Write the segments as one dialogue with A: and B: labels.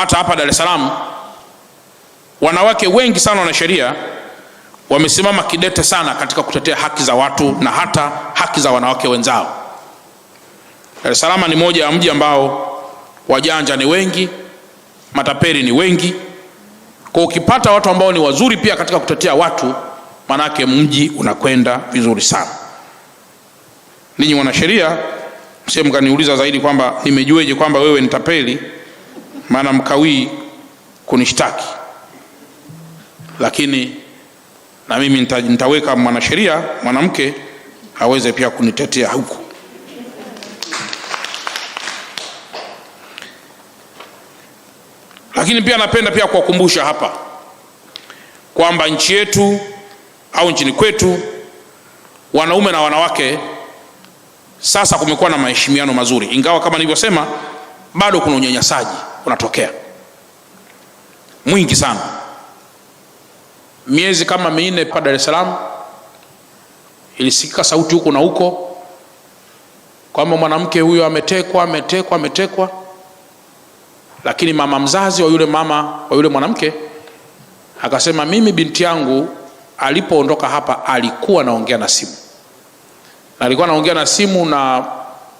A: hata hapa Dar es Salaam wanawake wengi sana wanasheria wamesimama kidete sana katika kutetea haki za watu na hata haki za wanawake wenzao. Dar es Salaam ni moja ya mji ambao wajanja ni wengi, matapeli ni wengi. Kwa ukipata watu ambao ni wazuri pia katika kutetea watu, manake mji unakwenda vizuri sana. Ninyi wanasheria msije mkaniuliza zaidi kwamba nimejueje kwamba wewe ni tapeli maana mkawii kunishtaki, lakini na mimi nitaweka mwanasheria mwanamke aweze pia kunitetea huku. Lakini pia napenda pia kuwakumbusha hapa kwamba nchi yetu au nchini kwetu wanaume na wanawake sasa kumekuwa na maheshimiano mazuri, ingawa kama nilivyosema bado kuna unyanyasaji unatokea mwingi sana. Miezi kama minne pa Dar es Salaam ilisikika sauti huko na huko kwamba mwanamke huyo ametekwa, ametekwa, ametekwa, lakini mama mzazi wa yule mama wa yule mwanamke akasema, mimi binti yangu alipoondoka hapa alikuwa naongea na simu na alikuwa naongea na simu na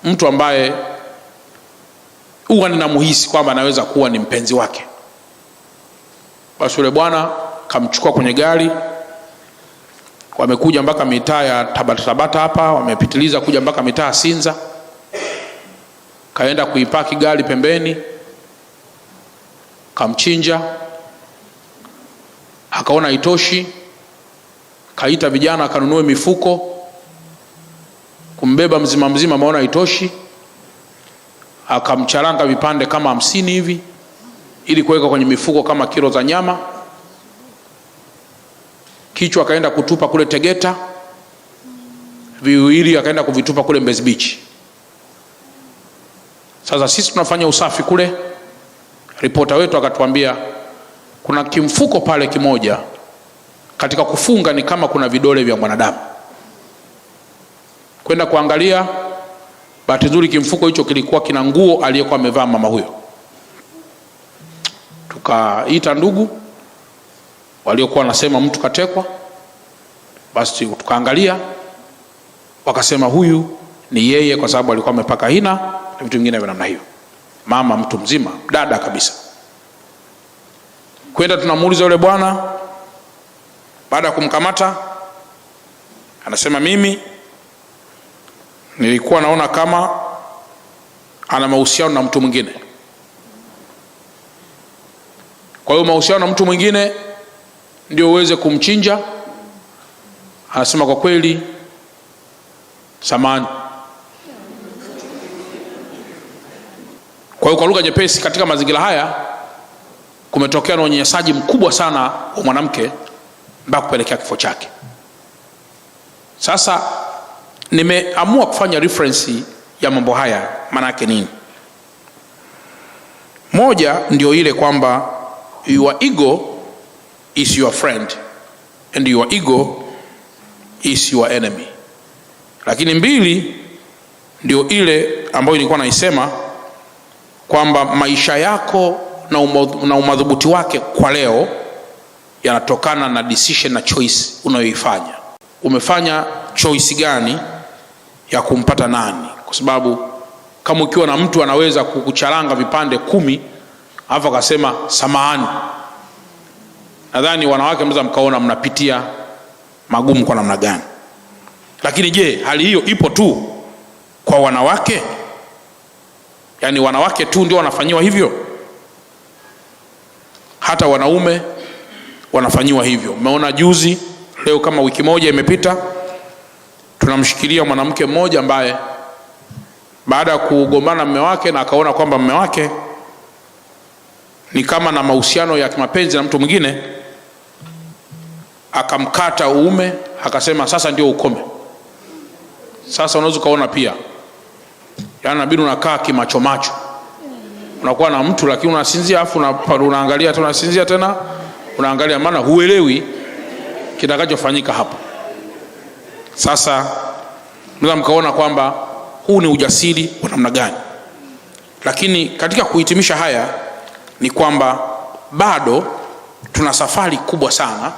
A: mtu ambaye huwa ninamuhisi kwamba anaweza kuwa ni mpenzi wake. Basi yule bwana kamchukua kwenye gari, wamekuja mpaka mitaa ya Tabatatabata hapa, wamepitiliza kuja mpaka mitaa ya Sinza, kaenda kuipaki gari pembeni, kamchinja. Akaona itoshi kaita vijana akanunue mifuko kumbeba mzima mzima, maona itoshi akamcharanga vipande kama hamsini hivi ili kuweka kwenye mifuko kama kilo za nyama. Kichwa akaenda kutupa kule Tegeta, viwili akaenda kuvitupa kule Mbezi Beach. Sasa sisi tunafanya usafi kule, ripota wetu akatuambia kuna kimfuko pale kimoja, katika kufunga ni kama kuna vidole vya mwanadamu kwenda kuangalia Bahati nzuri kimfuko hicho kilikuwa kina nguo aliyekuwa amevaa mama huyo. Tukaita ndugu waliokuwa wanasema mtu katekwa, basi tukaangalia, wakasema huyu ni yeye, kwa sababu alikuwa amepaka hina na vitu vingine vya namna hiyo. Mama mtu mzima, dada kabisa. Kwenda tunamuuliza yule bwana, baada ya kumkamata anasema mimi nilikuwa naona kama ana mahusiano na mtu mwingine. Kwa hiyo mahusiano na mtu mwingine ndio uweze kumchinja. Anasema kwa kweli, samani. Kwa hiyo kwa lugha nyepesi, katika mazingira haya kumetokea na unyenyesaji mkubwa sana wa mwanamke mpaka kupelekea kifo chake. Sasa Nimeamua kufanya reference ya mambo haya, maana yake nini? Moja ndio ile kwamba your ego is your friend and your ego is your enemy, lakini mbili ndio ile ambayo nilikuwa naisema kwamba maisha yako na umadhubuti wake kwa leo yanatokana na decision na choice unayoifanya. Umefanya choice gani? ya kumpata nani, kwa sababu kama ukiwa na mtu anaweza kukucharanga vipande kumi alafu akasema samahani. Nadhani wanawake mnaweza mkaona mnapitia magumu kwa namna gani, lakini je, hali hiyo ipo tu kwa wanawake? Yaani wanawake tu ndio wanafanyiwa hivyo? Hata wanaume wanafanyiwa hivyo. Mmeona juzi, leo kama wiki moja imepita tunamshikilia mwanamke mmoja ambaye baada ya kugombana mume wake na akaona kwamba mume wake ni kama na mahusiano ya kimapenzi na mtu mwingine, akamkata uume, akasema sasa ndio ukome. Sasa unaweza ukaona pia, yaani nabidi unakaa kimachomacho, unakuwa na mtu lakini unasinzia, afu unaangalia tena, unasinzia tena, unaangalia, maana huelewi kitakachofanyika hapo. Sasa mnaweza mkaona kwamba huu ni ujasiri wa namna gani, lakini katika kuhitimisha haya ni kwamba bado tuna safari kubwa sana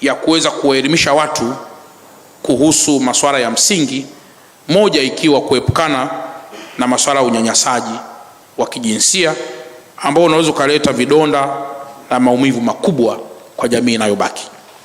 A: ya kuweza kuwaelimisha watu kuhusu masuala ya msingi, moja ikiwa kuepukana na masuala ya unyanyasaji wa kijinsia ambao unaweza ukaleta vidonda na maumivu makubwa kwa jamii inayobaki.